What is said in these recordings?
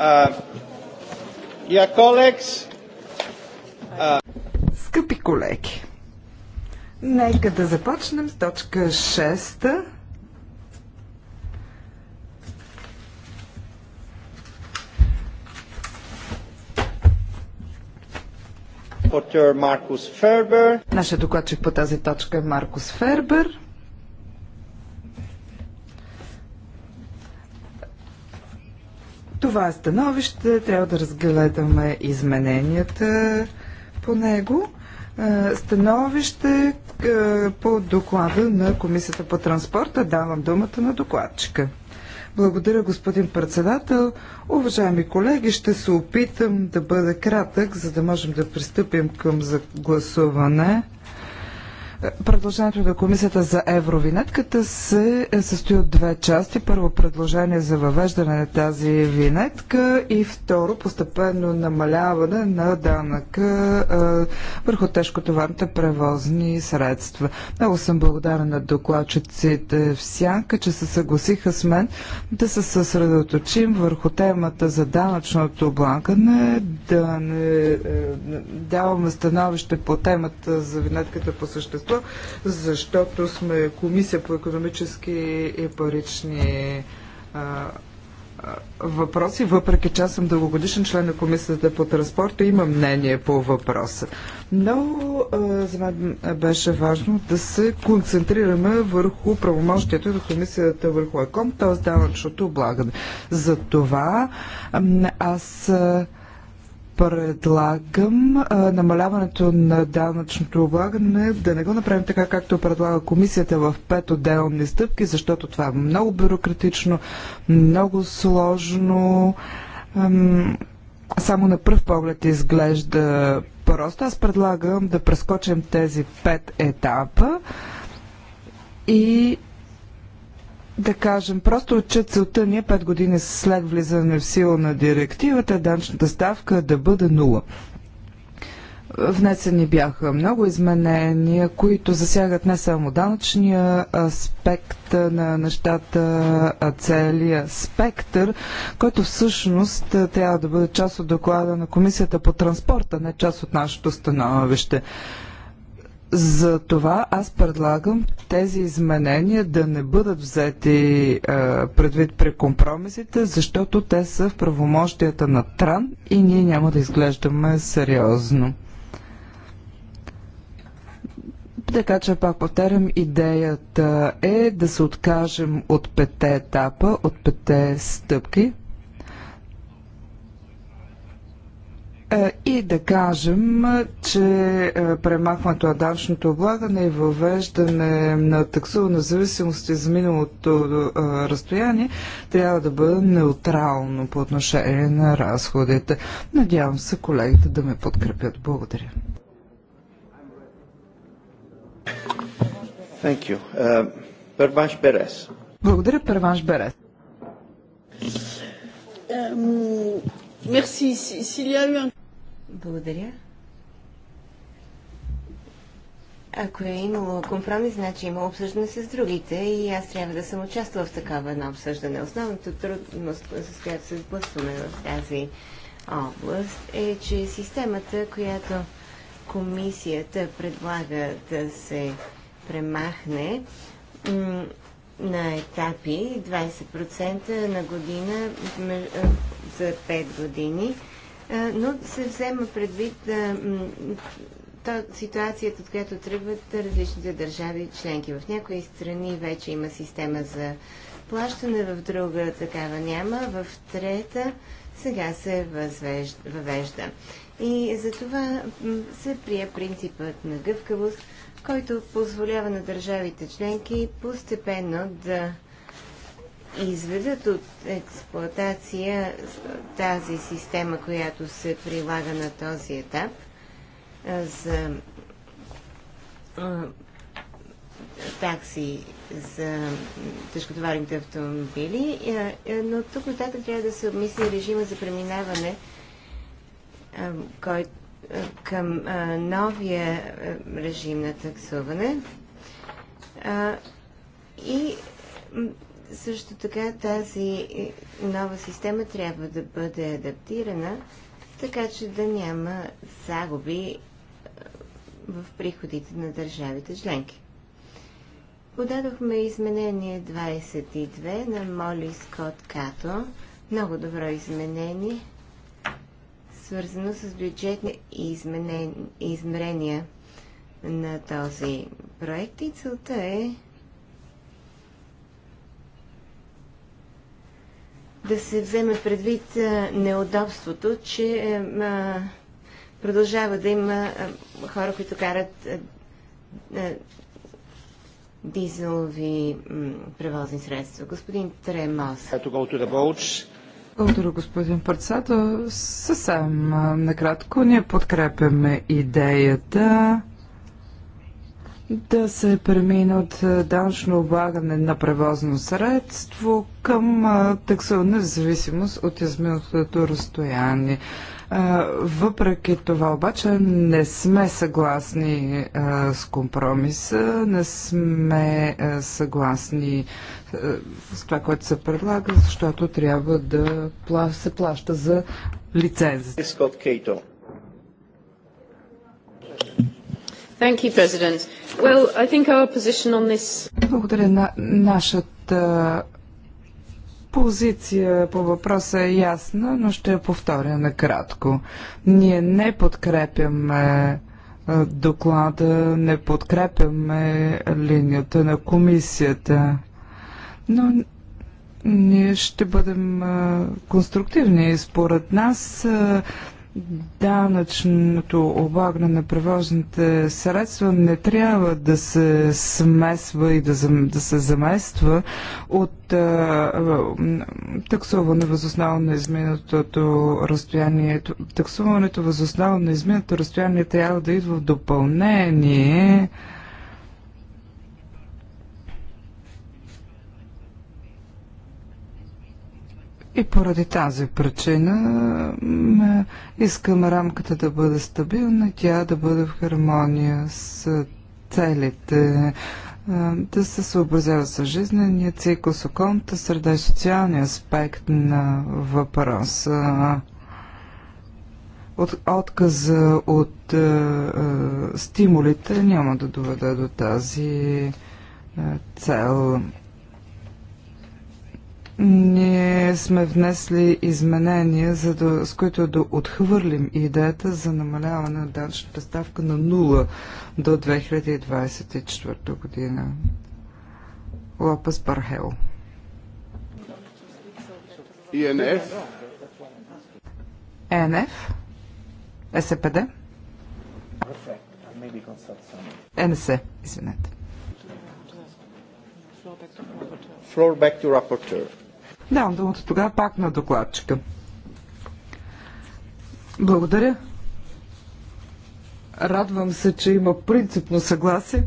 Uh, yeah, Скъпи колеги, нека да започнем с точка 6. Нашия докладчик по тази точка е Маркус Фербер. това е становище трябва да разгледаме измененията по него. Становище по доклада на Комисията по транспорта. Давам думата на докладчика. Благодаря, господин председател. Уважаеми колеги, ще се опитам да бъда кратък, за да можем да пристъпим към гласуване. Предложението на комисията за евровинетката се състои от две части. Първо предложение за въвеждане на тази винетка и второ постепенно намаляване на данъка върху върху тежкотоварните превозни средства. Много съм благодарен на докладчиците всяка, че се съгласиха с мен да се съсредоточим върху темата за данъчното облагане, да не е, даваме становище по темата за винетката по същество Европа, защото сме комисия по економически и парични а, въпроси, въпреки че аз съм дългогодишен член на комисията по транспорта, имам мнение по въпроса. Но за мен беше важно да се концентрираме върху правомощието на комисията върху ЕКОМ, т.е. данъчното облагане. За това аз предлагам а, намаляването на данъчното облагане да не го направим така, както предлага комисията в пет отделни стъпки, защото това е много бюрократично, много сложно. Ам, само на пръв поглед изглежда просто. Аз предлагам да прескочим тези пет етапа и да кажем просто, че целта ни е 5 години след влизане в сила на директивата, данчната ставка да бъде нула. Внесени бяха много изменения, които засягат не само данъчния аспект на нещата, а целия спектър, който всъщност трябва да бъде част от доклада на Комисията по транспорта, не част от нашето становище. За това аз предлагам тези изменения да не бъдат взети а, е, предвид при компромисите, защото те са в правомощията на Тран и ние няма да изглеждаме сериозно. Така че, пак повтарям, идеята е да се откажем от пете етапа, от пете стъпки, Е, и да кажем, че е, премахването на данъчното облагане и въвеждане на таксувана зависимост за миналото е, разстояние трябва да бъде неутрално по отношение на разходите. Надявам се колегите да ме подкрепят. Благодаря. Thank you. Uh, Перванш Берес. Благодаря, Перванш Берес. Um, merci. S'il y a eu un... Благодаря. Ако е имало компромис, значи има обсъждане с другите и аз трябва да съм участвала в такава една обсъждане. Основната трудност, с която се сблъскваме в тази област, е, че системата, която комисията предлага да се премахне на етапи 20% на година за 5 години – е, но да се взема предвид е, ситуацията, от която тръгват различните държави членки. В някои страни вече има система за плащане, в друга такава няма, в трета сега се възвежда, въвежда. И за това се прие принципът на гъвкавост, който позволява на държавите членки постепенно да изведат от експлоатация тази система, която се прилага на този етап за такси за тежкотоварните автомобили, е, но тук нататък трябва да се обмисли режима за преминаване кой, към новия режим на таксуване и също така тази е, нова система трябва да бъде адаптирана, така че да няма загуби е, в приходите на държавите членки. Подадохме изменение 22 на Моли Скот Като. Много добро изменение, свързано с бюджетни измерения на този проект и целта е да се вземе предвид неудобството, че е, продължава да има хора, които карат дизелови превозни средства. Господин Тремос. Благодаря, господин председател. Съвсем накратко ние подкрепяме идеята да се премине от е, данъчно облагане на превозно средство към е, таксуване в зависимост от изминатото разстояние. Е, въпреки това обаче не сме съгласни с компромиса, не сме съгласни с това, което се предлага, защото трябва да се плаща за лиценз. Скот Кейто. Thank you, President. Well, I think our position on this... Благодаря на нашата позиция по въпроса е ясна, но ще я повторя накратко. Ние не подкрепяме доклада, не подкрепяме линията на комисията, но ние ще бъдем конструктивни. Според нас Данъчното облагане на превозните средства не трябва да се смесва и да, да се замества от а, таксуване възоснова на изминатото разстояние. Таксуването възоснова на изминато разстояние трябва да идва в допълнение И поради тази причина искам рамката да бъде стабилна и тя да бъде в хармония с целите, да се съобразява с жизнения цикъл, с околната среда и социалния аспект на въпроса. От, отказа от е, е, стимулите няма да доведе до тази е, цел. Ние сме внесли изменения, за да, с които да отхвърлим идеята за намаляване на данъчната ставка на 0 до 2024 година. Лопес Бархел. ИНФ. ЕНФ. Е СПД. Е НС, извинете. Floor back to rapporteur. Давам думата тогава пак на докладчика. Благодаря. Радвам се, че има принципно съгласие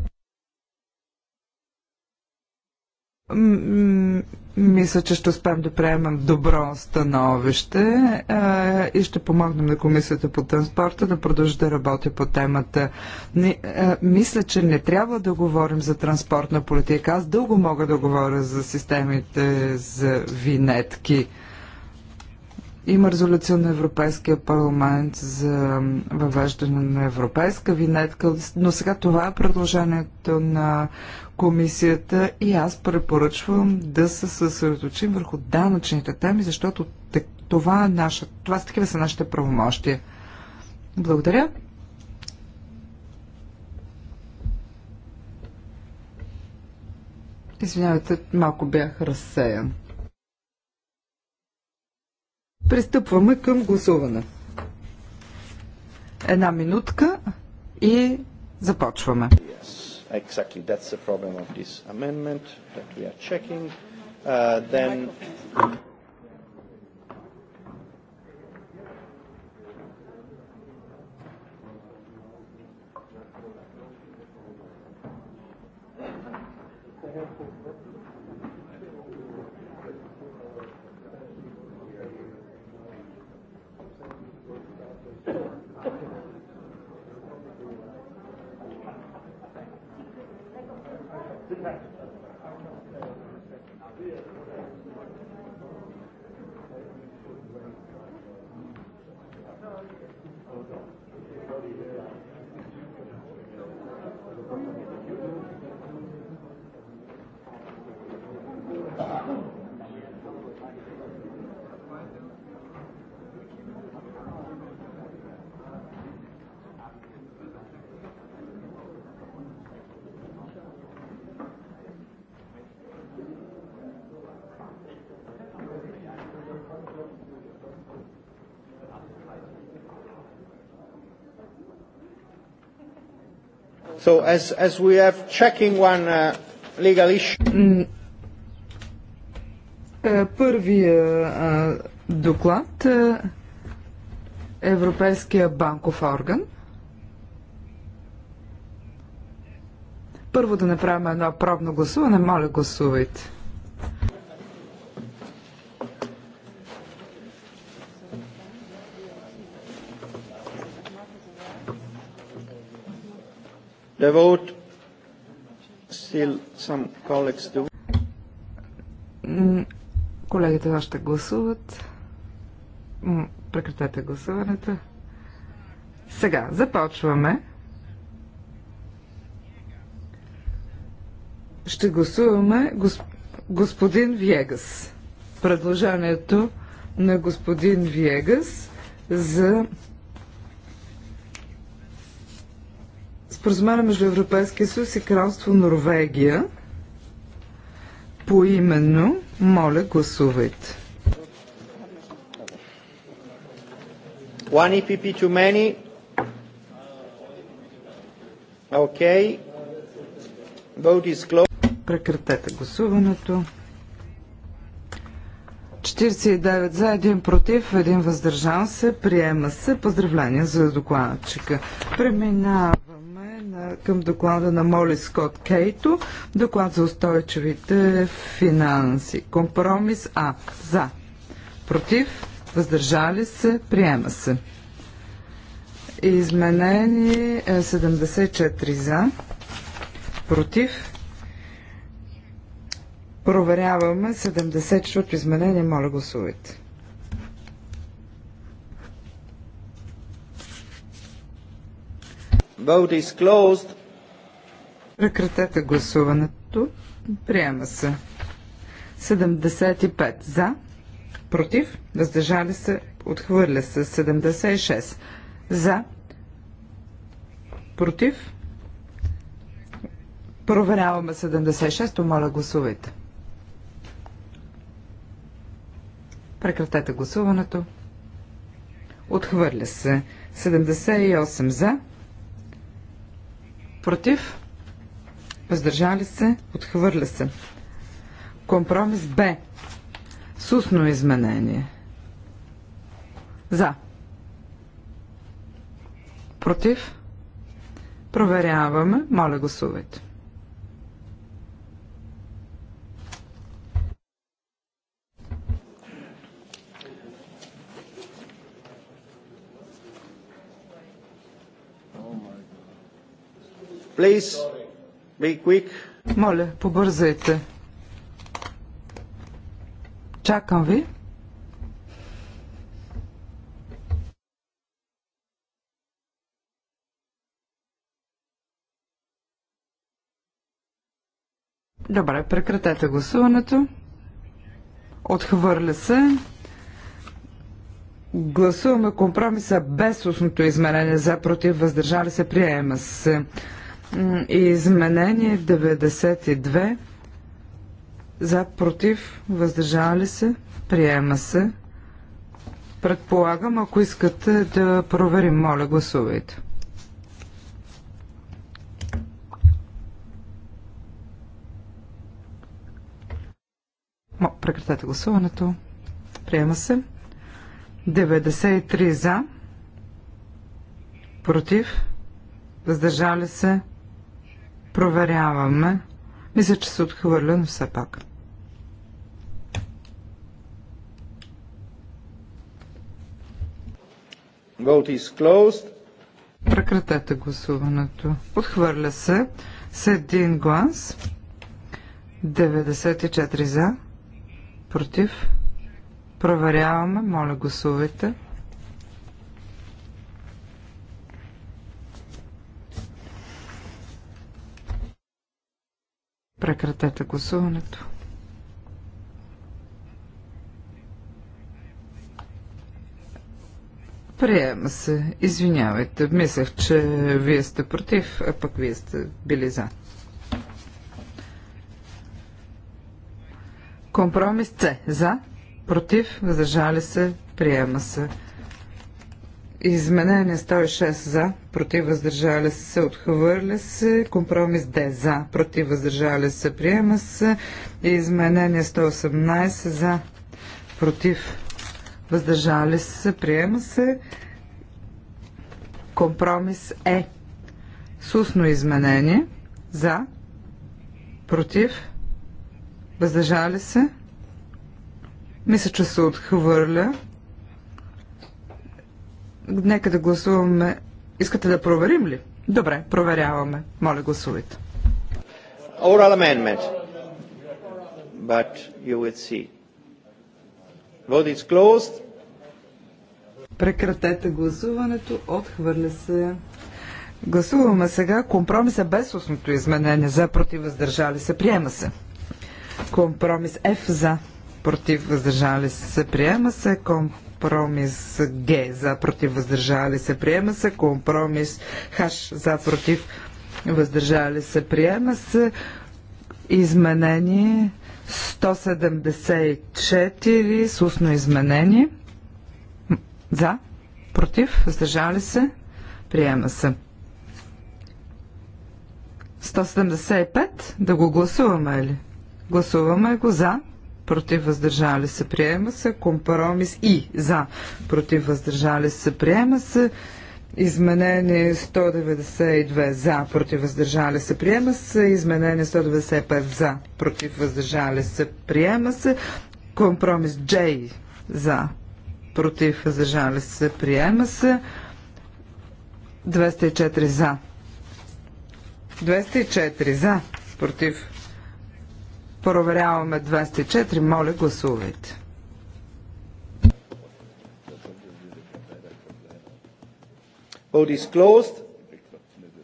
мисля, че ще успеем да приемем добро становище а, и ще помогнем на Комисията по транспорта да продължи да работи по темата. Не, а, мисля, че не трябва да говорим за транспортна политика. Аз дълго мога да говоря за системите за винетки. Има резолюция на Европейския парламент за въвеждане на европейска винетка, но сега това е предложението на комисията и аз препоръчвам да се съсредоточим върху данъчните теми, защото това, е наша, това са такива са нашите правомощия. Благодаря. Извинявайте, малко бях разсеян. Пристъпваме към гласуване. Една минутка и започваме. Yes. Exactly, that's the problem of this amendment that we are checking. Uh, then. So as, as we have checking one uh, legal issue. Е, първия доклад е, Европейския банков орган. Първо да направим едно пробно гласуване. Моля, гласувайте. The vote still some colleagues do. Колегите още гласуват. Прекратете гласуването. Сега започваме. Ще гласуваме господин Виегас. Предложението на господин Виегас за споразумение между Европейския съюз и Кралство Норвегия. Поименно, моля, гласувайте. One EPP too many. Okay. Vote is closed. Прекратете гласуването. 49 за, 1 против, 1 въздържан се. Приема се. Поздравления за докладчика. Преминаваме към доклада на Моли Скот Кейто, доклад за устойчивите финанси. Компромис А. За. Против. Въздържали се. Приема се. Изменени 74 е, за. Против. Проверяваме 74 изменение. Моля гласувайте. Прекратете гласуването. Приема се. 75 за, против, въздържали се, отхвърля се. 76 за, против. Проверяваме 76-то, моля гласувайте. Прекратете гласуването. Отхвърля се. 78 за, против, въздържали се, отхвърля се. Компромис Б. Сусно изменение. За. Против. Проверяваме. Моля, гласувайте. Please, be quick. Моля, побързайте. Чакам ви. Добре, прекратете гласуването. Отхвърля се. Гласуваме компромиса без устното изменение за против въздържали се приема се. Изменение 92 за, против, въздържали се, приема се. Предполагам, ако искате да проверим, моля, гласувайте. Прекратете гласуването. Приема се. 93 за, против, въздържали се, Проверяваме. Мисля, че се отхвърля, но все пак. Vote is closed. Прекратете гласуването. Отхвърля се с един глас. 94 за. Против. Проверяваме. Моля, гласувайте. Прекратете гласуването. Приема се. Извинявайте. Мислех, че вие сте против, а пък вие сте били за. Компромис С. За. Против. Въздържали се. Приема се. Изменение 106 за, против въздържали се, отхвърля се. Компромис Д за, против въздържали се, приема се. Изменение 118 за, против въздържали се, приема се. Компромис Е. Сусно изменение за, против въздържали се. Мисля, че се отхвърля. Нека да гласуваме. Искате да проверим ли? Добре, проверяваме. Моля, гласувайте. Oral amendment. But you will see. Vote is closed. Прекратете гласуването. Отхвърля се. Гласуваме сега компромиса без устното изменение. За против въздържали се. Приема се. Компромис F за против, въздържали се, приема се. Компромис Г за, против, въздържали се, приема се. Компромис Х за, против, въздържали се, приема се. Изменение 174 с устно изменение. За, против, въздържали се, приема се. 175, да го гласуваме ли? Гласуваме го за, против въздържали се, приема се. Компромис и за, против въздържали се, приема се. Изменение 192 за, против въздържали се, приема се. Изменение 195 за, против въздържали се, приема се. Компромис J за, против въздържали се, приема се. 204 за. 204 за, против Проверяваме 204. Моля, гласувайте.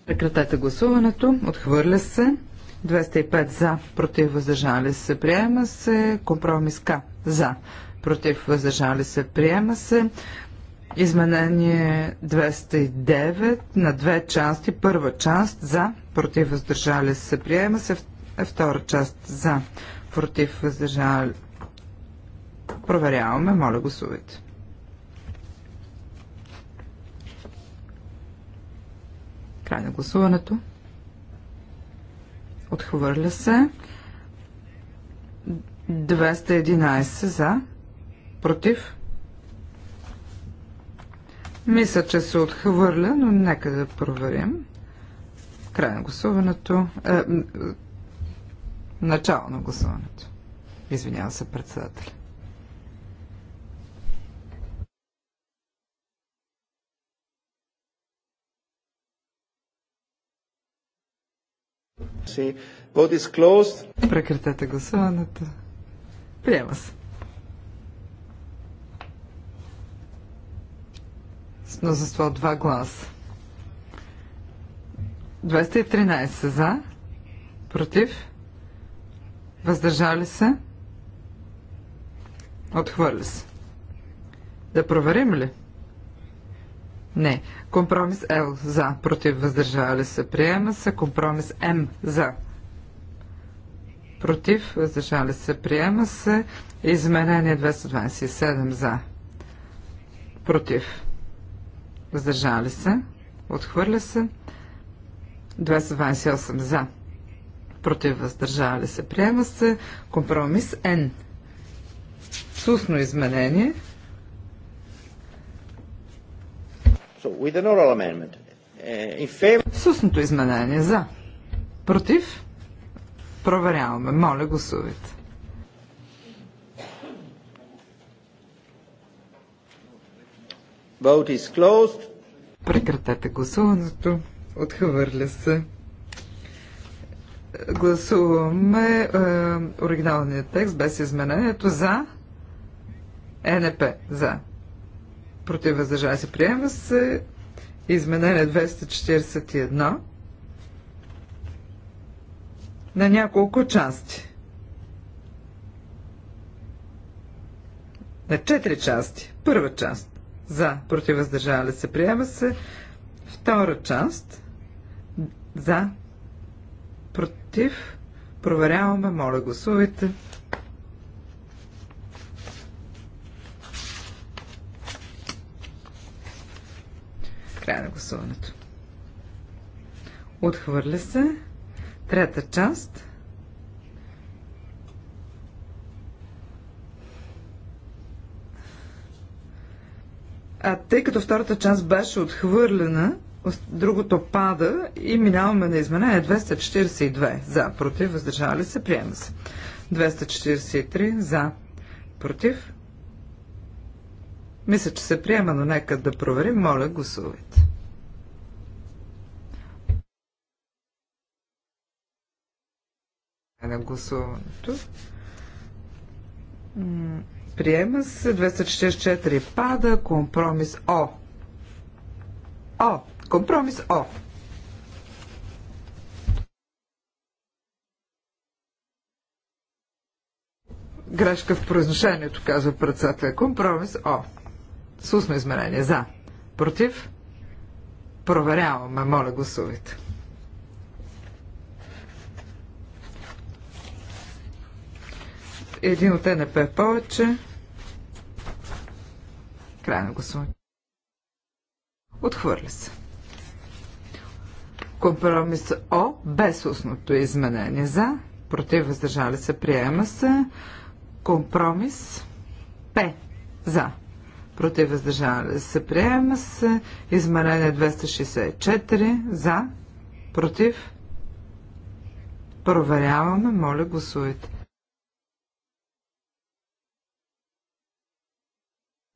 Прекратете гласуването. Отхвърля се. 205 за, против въздържали се, приема се. Компромис К за, против въздържали се, приема се. Изменение 209 на две части. Първа част за, против въздържали се, приема се. Е, втора част за. Против. въздържал. Проверяваме. Моля, гласувайте. Край на гласуването. Отхвърля се. 211 за. Против. Мисля, че се отхвърля, но нека да проверим. Край на гласуването. Е, Начало на гласуването. Извинява се председателя. Прекратете гласуването. Приема се. С мнозинство два гласа. 213 за, против Въздържали се? Отхвърля се. Да проверим ли? Не. Компромис Л за. Против въздържали се. Приема се. Компромис М за. Против въздържали се. Приема се. Изменение 227 за. Против. Въздържали се. Отхвърля се. 228 за против въздържали се, приема се. Компромис Н. Сусно изменение. Uh, Сусното изменение за. Против? Проверяваме. Моля, гласувайте. Прекратете гласуването. Отхвърля се. Гласуваме е, оригиналния текст без изменението за НП. За. Против въздържава се. Приема се изменение 241 на няколко части. На четири части. Първа част. За. Против се. Приема се. Втора част. За против. Проверяваме, моля гласувайте. Край на гласуването. Отхвърля се. Трета част. А тъй като втората част беше отхвърлена, другото пада и минаваме на изменение 242 за, против, въздържали се, приема се. 243 за, против. Мисля, че се приема, но нека да проверим. Моля, гласувайте. на гласуването. Приема се 244 пада компромис О. О. Компромис О. Грешка в произношението, казва председателя. Компромис О. С устно измерение. За. Против? Проверяваме. Моля, гласувайте. Един от НП повече. Край на гласуване. Отхвърля се. Компромис О без устното изменение. За, против, въздържали се, приема се. Компромис П. За. Против, въздържали се, приема се. Изменение 264. За, против. Проверяваме. Моля, гласувайте.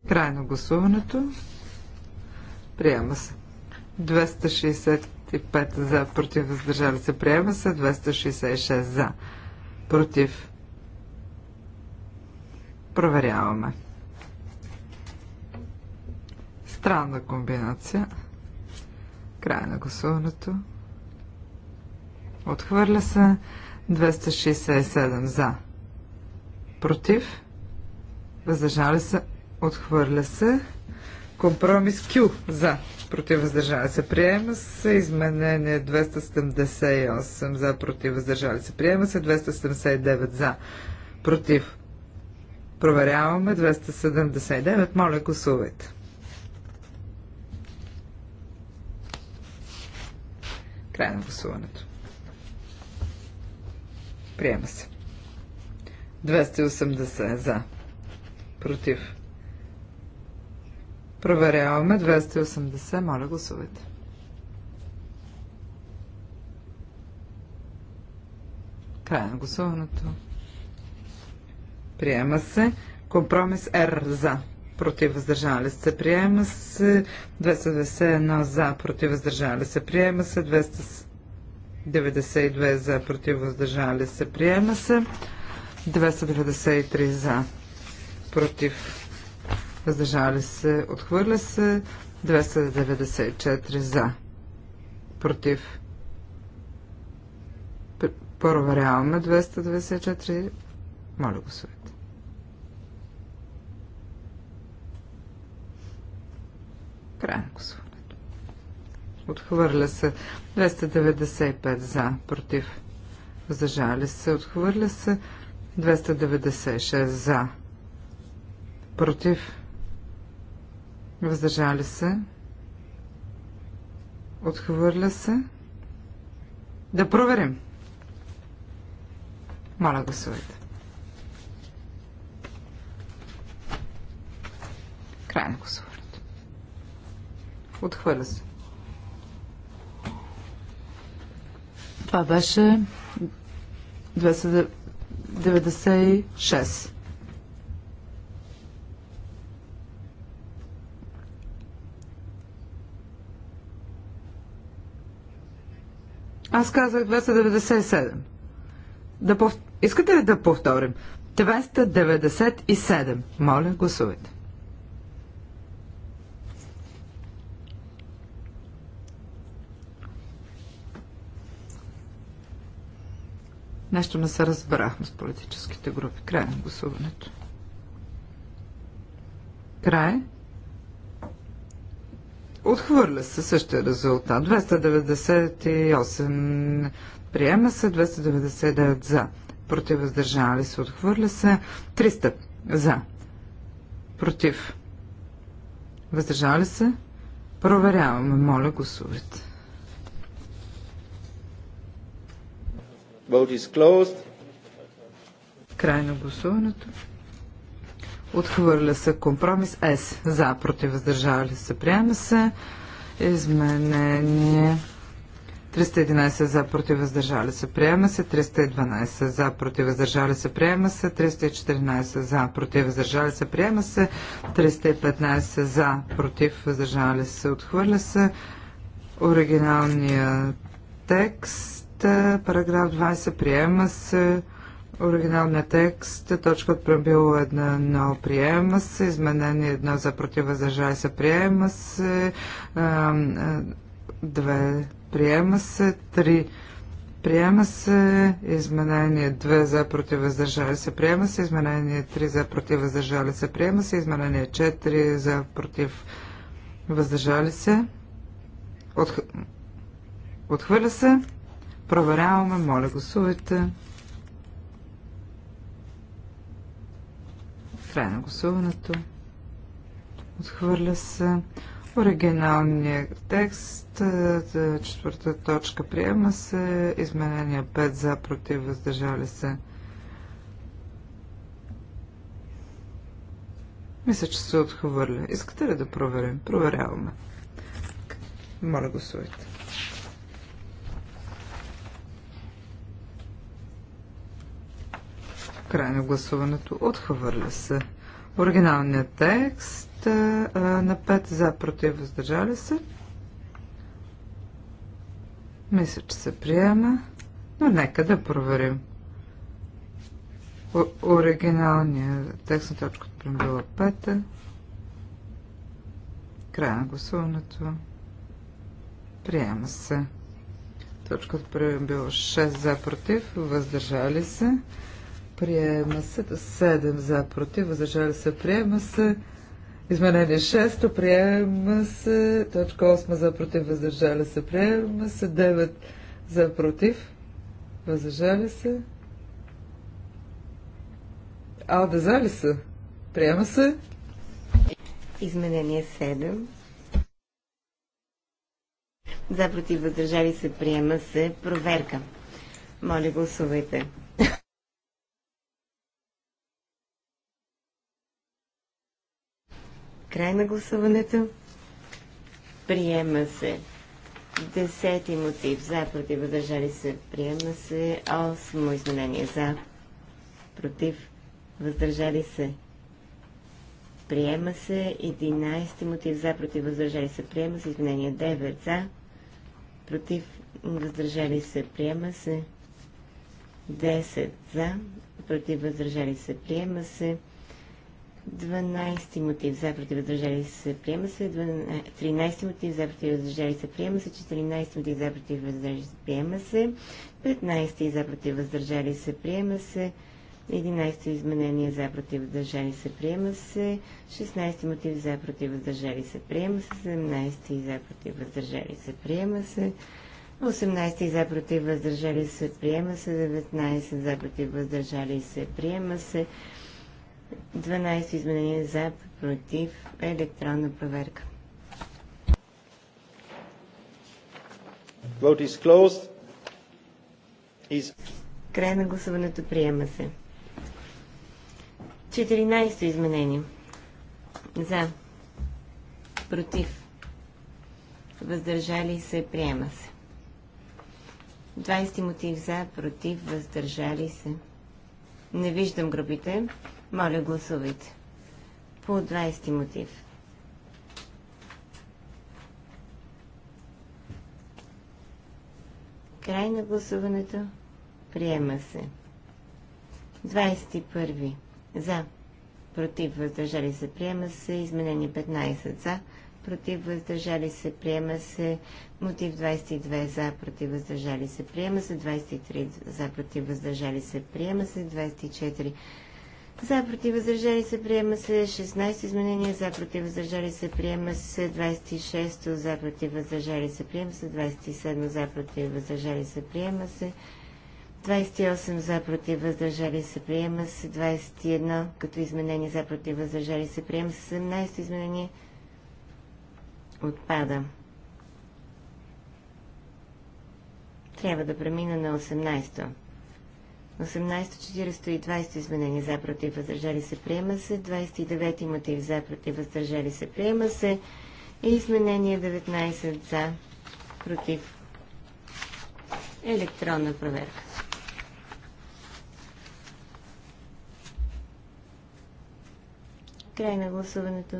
Край на гласуването. Приема се. 260. 25 за, против, въздържали се, приема се, 266 за, против. Проверяваме. Странна комбинация. Край на гласуването. Отхвърля се 267 за. Против. Въздържали се. Отхвърля се. Компромис Q за. Против въздържали се приема се. Изменение 278 за. Против въздържали се приема се. 279 за. Против. Проверяваме 279. Моля, гласувайте. Край на гласуването. Приема се. 280 за. Против. Проверяваме 280. Моля, гласувайте. Край на гласуването. Приема се. Компромис Р за. Против въздържали се. Приема се. 291 за. Против въздържали се. Приема се. 292 за. Против въздържали се. Приема се. 293 за. Против въздържали се, отхвърля се, 294 за, против. Проверяваме 294. Моля го съвет. Отхвърля се 295 за, против. Въздържали се, отхвърля се 296 за, против въздържали се, отхвърля се. Да проверим. Моля, гласувайте. Край на гласуването. Отхвърля се. Това беше 296. Аз казах 297. Да пов... Искате ли да повторим? 297. Моля, гласувайте. Нещо не се разбрахме с политическите групи. Край на гласуването. Край. Отхвърля се същия резултат. 298 приема се, 299 за. Против въздържали се. Отхвърля се. 300 за. Против. Въздържали се. Проверяваме. Моля, гласувайте. Vote is closed. Край на гласуването. Отхвърля се компромис С. За, против, въздържали се, приема се. Изменение 311 за, против, въздържали се, приема се. 312 за, против, въздържали се, приема се. 314 за, против, въздържали се, приема се. 315 за, против, въздържали се, отхвърля се. Оригиналният текст, параграф 20, приема се. Оригиналният текст, точка от правило една, на приема се, изменение едно за против се приема се, две приема се, три приема се, изменение 2 за против се приема се, изменение 3 за против се приема се, изменение 4 за против въздържали се, Отх... отхвърля се, проверяваме, моля гласувайте. края на гласуването. Отхвърля се. Оригиналният текст, е, четвърта точка, приема се. Изменения 5 за, против, въздържали се. Мисля, че се отхвърля. Искате ли да проверим? Проверяваме. Моля, гласувайте. Край на гласуването. Отхвърля се. Оригиналният текст на 5 за против въздържали се. Мисля, че се приема, но нека да проверим. О, оригиналният текст на точката била 5. Край на гласуването. Приема се. Точката била 6 за против, въздържали се. Приема се 7 за против, въздържали се, приема се. Изменение 6, приема се. Точка 8 за против, въздържали се, приема се. 9 за против, въздържали се. А, да за ли са? Приема се. Изменение 7. За против, въздържали се, приема се. Проверка. Моля, гласувайте. Край на гласуването. Приема се. Десети мотив за, против, въздържали се. Приема се. Осмо изменение за, против, въздържали се. Приема се 11 мотив за, против въздържали се. Приема се изменение 9 за, против въздържали се. Приема се 10 за, против въздържали се. Приема се 12 мотив за против въздържали се приема се, 13 е, мотив за против въздържали се приема се, 14 мотив за против въздържали се приема се, 15 за против въздържали се приема се, 11 изменение за против въздържали се приема се, 16 мотив за против въздържали се приема се, 17 за против въздържали се приема се, 18 за против въздържали се приема се, 19 за против въздържали се приема се, 12 изменения за, против, електронна проверка. Vote is closed. Is... Край на гласуването приема се. 14 изменения. За. Против. Въздържали се. Приема се. 20 мотив за. Против. Въздържали се. Не виждам групите. Моля, гласувайте. По 20 мотив. Край на гласуването. Приема се. 21. За. Против. Въздържали се. Приема се. Изменение 15. За против въздържали се, приема се. Мотив 22 за, против въздържали се, приема се. 23 за, против въздържали се, приема се. 24 за, против въздържали се, приема се. 16 изменения за, против въздържали се, приема се. 26 за, против въздържали се, приема се. 27 за, против въздържали се, приема се. 28 за против въздържали се приема се 21 като изменение за против въздържали се приема се 17 изменение отпада. Трябва да премина на 18-то. 18, 40 и 20 изменения за против въздържали се приема се, 29 мотив за против въздържали се приема се и изменение 19 за против електронна проверка. Край на гласуването.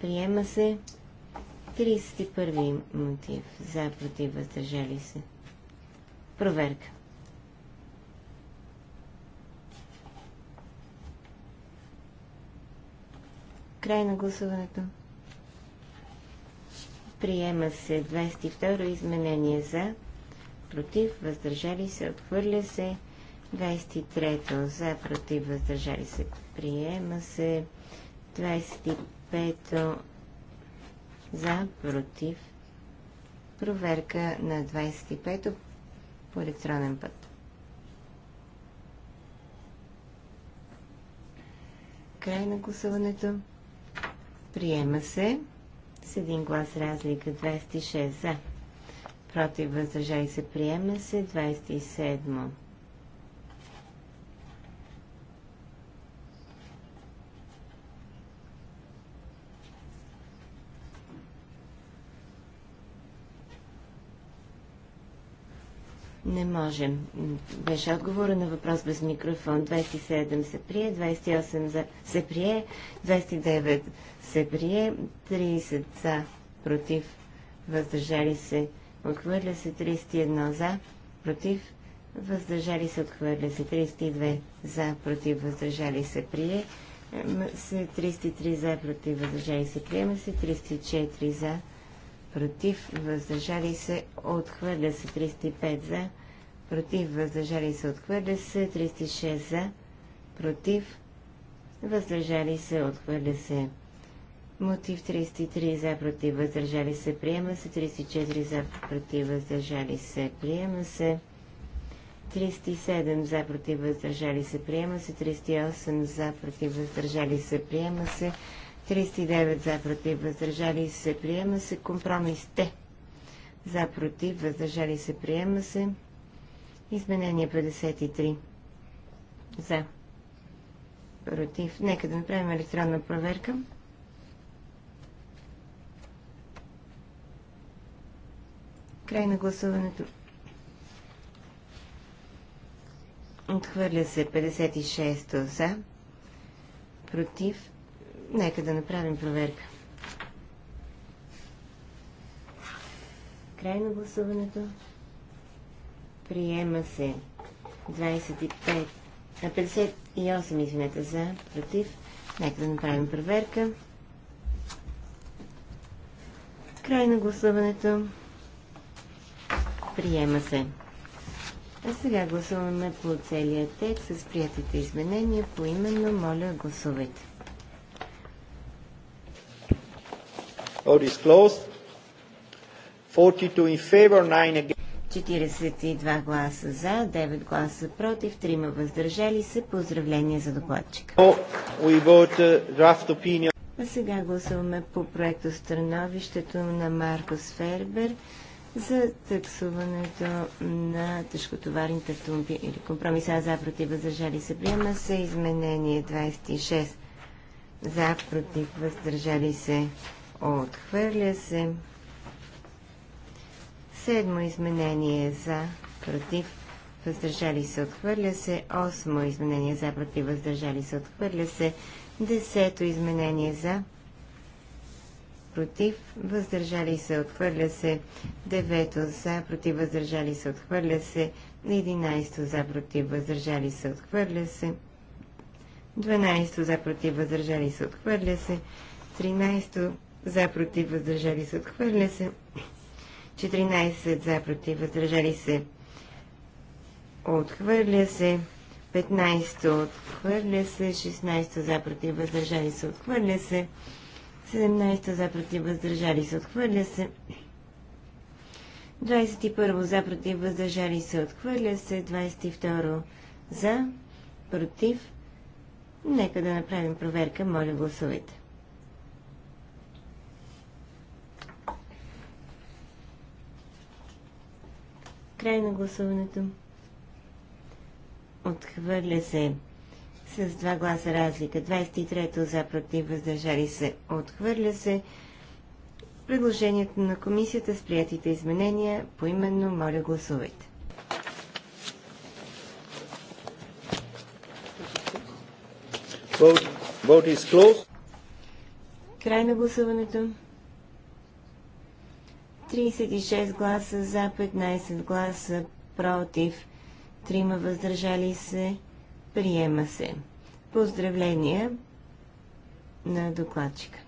Приема се 31 мотив. За, против, въздържали се. Проверка. Край на гласуването. Приема се 22 изменение за, против, въздържали се, отхвърля се. 23 за, против, въздържали се. Приема се 25 Пето за, против. Проверка на 25-то по електронен път. Край на гласуването. Приема се с един глас разлика 26 за. Против въздържали се приема се 27. Не можем. Беше отговора на въпрос без микрофон. 27 се прие, 28 се прие, 29 се прие, 30 за, против, въздържали се, отхвърля се 31 за, против, въздържали се, отхвърля се 32 за, против, въздържали се, прие се 33 за, против, въздържали се, приема се 34 за, против, въздържали се, отхвърля се 305 за, против, въздържали се, отхвърля се 36 за, против, въздържали се, отхвърля се. Мотив 33 за, против, въздържали се, приема се 34 за, против, въздържали се, приема се. 37 за против въздържали се приема се, 38 за против въздържали се приема се, 39 за против въздържали се приема се. Компромис Т. За против въздържали се приема се. Изменение 53. За. Против. Нека да направим електронна проверка. Край на гласуването. Отхвърля се 56 за. Против. Нека да направим проверка. Край на гласуването. Приема се 25, 58, извинете, за, против. Нека да направим проверка. Край на гласуването. Приема се. А сега гласуваме по целия текст с приятите изменения. по именно моля, гласувайте. Vote is closed. 42 in favor, 9 against. 42 гласа за, 9 гласа против, 3 въздържали се. Поздравления за докладчика. Uh, а сега гласуваме по проекто становището на Маркос Фербер за таксуването на тежкотоварните автомобили. Компромиса за, против, въздържали се. Приема се изменение 26 за, против, въздържали се. Отхвърля се. Седмо изменение за против. Въздържали се. Отхвърля се. Осмо изменение за против. Въздържали се. Отхвърля се. Десето изменение за против. Въздържали се. Отхвърля се. Девето за против. Въздържали се. Отхвърля се. Единайсто за против. Въздържали се. Отхвърля се. 12 за против въздържали се отхвърля се, 13 за против въздържали се отхвърля се. 14 за против въздържали се отхвърля се. 15 отхвърля се. 16 за против въздържали се отхвърля се. 17 за против въздържали се отхвърля се. 21 за против въздържали се отхвърля се. 22 за против. Нека да направим проверка. Моля гласувайте. Край на гласуването. Отхвърля се с два гласа разлика. 23-то за против въздържали се. Отхвърля се. Предложението на комисията с приятите изменения поименно моля гласувайте. Vote, vote is closed. Край на гласуването. 36 гласа за, 15 гласа против, 3 въздържали се, приема се. Поздравления на докладчика.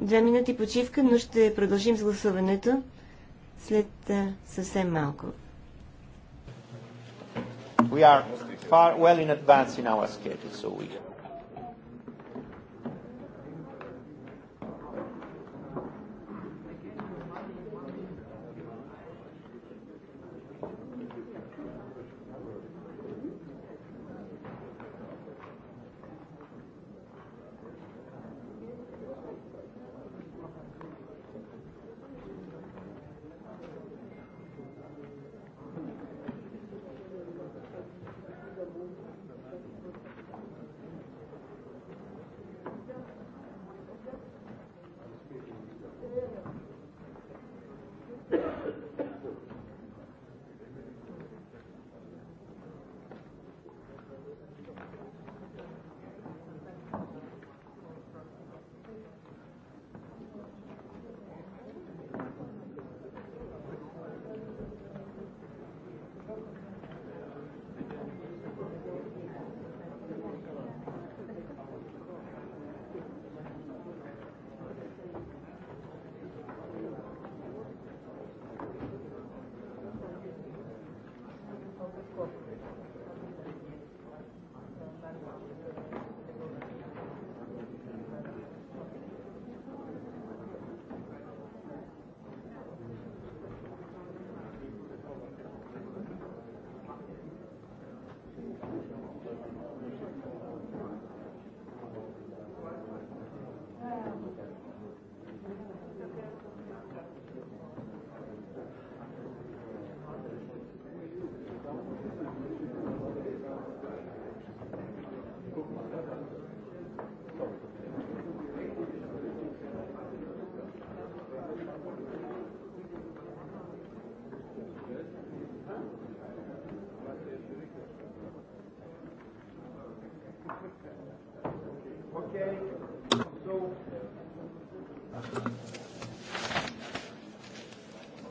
Две минути почивка, но ще продължим с гласуването след съвсем малко. We are far well in advance in our schedule, so we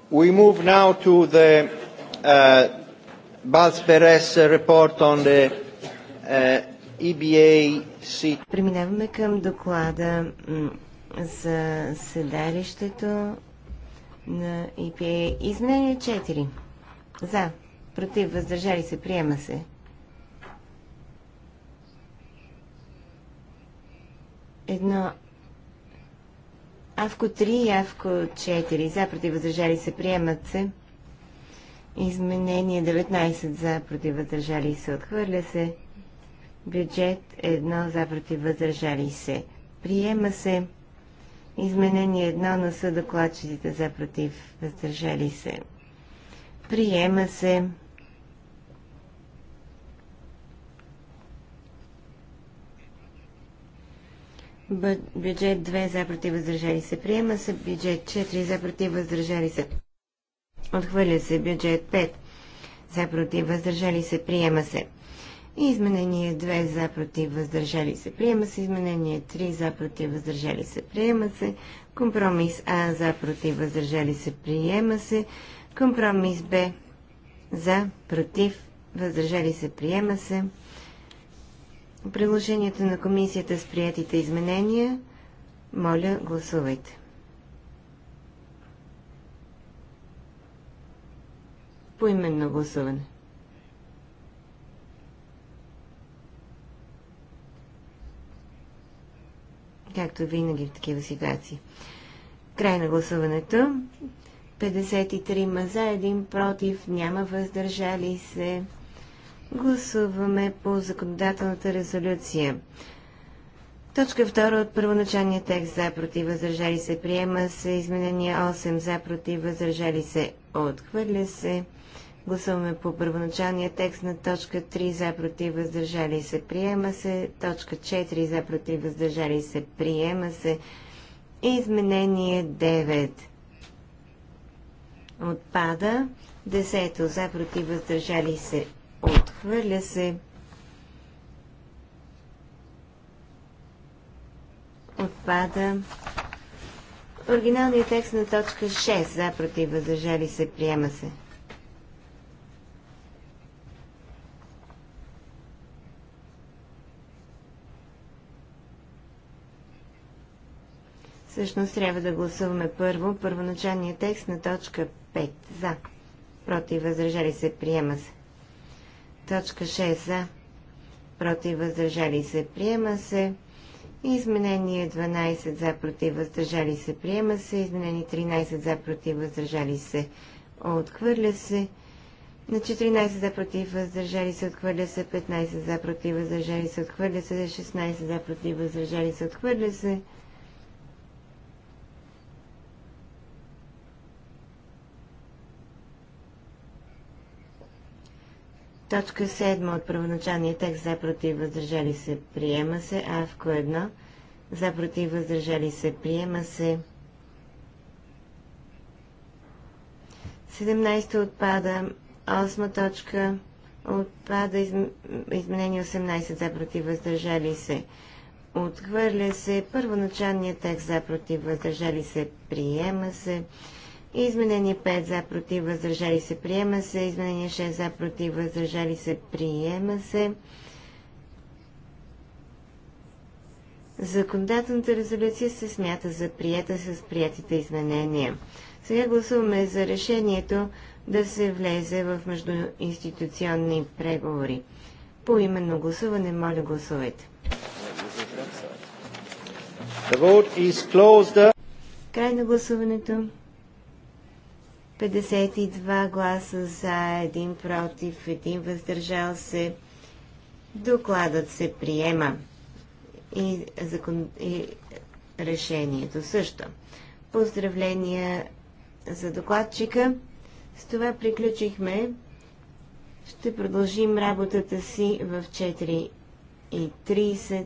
We move now to the uh, Bals Perez report on the uh, EBA Преминаваме към доклада за седалището на EPA. Изменение 4. За. Против. Въздържали се. Приема се. Едно Авко 3 и Авко 4 за против въздържали се приемат се. Изменение 19 за против въздържали се отхвърля се. Бюджет 1 за против въздържали се. Приема се. Изменение 1 на съдокладчиците за против въздържали се. Приема се. Бюджет 2 за против въздържали се приема се. Бюджет 4 за против въздържали се. Отхвърля се. Бюджет 5 за против въздържали се приема се. изменение 2 за против въздържали се приема се. Изменение 3 за против въздържали се приема се. Компромис А за против въздържали се приема се. Компромис Б за против въздържали се приема се приложението на комисията с приятите изменения. Моля, гласувайте. Поименно гласуване. Както винаги в такива ситуации. Край на гласуването. 53 за, 1 против, няма въздържали се гласуваме по законодателната резолюция. Точка 2 от първоначалния текст за против възражали се приема се. Изменение 8 за против възражали се отхвърля се. Гласуваме по първоначалния текст на точка 3 за против въздържали се приема се. Точка 4 за против въздържали се приема се. Изменение 9 отпада. Десето за против въздържали се Отхвърля се. Отпада. Оригиналният текст на точка 6. За, против, въздържали се, приема се. Всъщност трябва да гласуваме първо първоначалния текст на точка 5. За. Против, въздържали се, приема се. Точка 6 за. Против въздържали се. Приема се. Изменение 12 за против въздържали се. Приема се. Изменение 13 за против въздържали се. Отхвърля се. На 14 за против въздържали се. Отхвърля се. 15 за против въздържали се. Отхвърля се. 16 за против въздържали се. Отхвърля се. Точка 7 от първоначалния текст за против въздържали се приема се. а Авко 1 за против въздържали се приема се. 17 отпада. 8 точка отпада. Изменение 18 за против въздържали се. Отхвърля се първоначалният текст за против въздържали се приема се. Изменение 5 за против въздържали се приема се. Изменение 6 за против въздържали се приема се. Законодателната резолюция се смята за прията с приятите изменения. Сега гласуваме за решението да се влезе в междуинституционни преговори. По именно гласуване, моля гласувайте. Край на гласуването. 52 гласа за, 1 против, 1 въздържал се. Докладът се приема и, закон... и решението също. Поздравления за докладчика. С това приключихме. Ще продължим работата си в 4.30.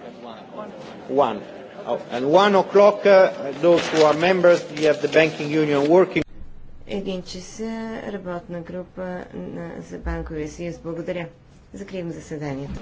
one. Oh, and one o'clock, uh, those who are members, we have the banking union working. Един часа работна група на, за банковия съюз. Благодаря. Закривам заседанието.